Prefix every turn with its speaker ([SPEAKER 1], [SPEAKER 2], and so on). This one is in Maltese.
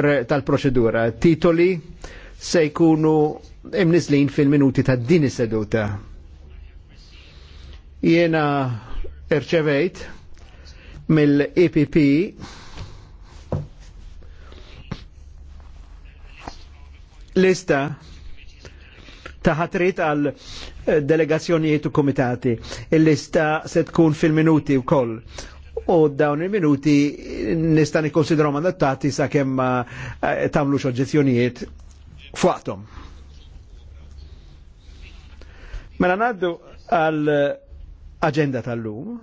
[SPEAKER 1] tal-proċedura. Titoli se jkunu imnislin fil-minuti ta' din seduta. Jena irċevejt mill-EPP lista ta' ħatrit għal eh, delegazzjonijiet u komitati. Il-lista se tkun fil-minuti u koll u dawn il-minuti nistan ikkonsidrom mandattati sa' kemm eh, tamlu xoġġezzjonijiet fuqtom. Mela naddu għal agenda tal-lum.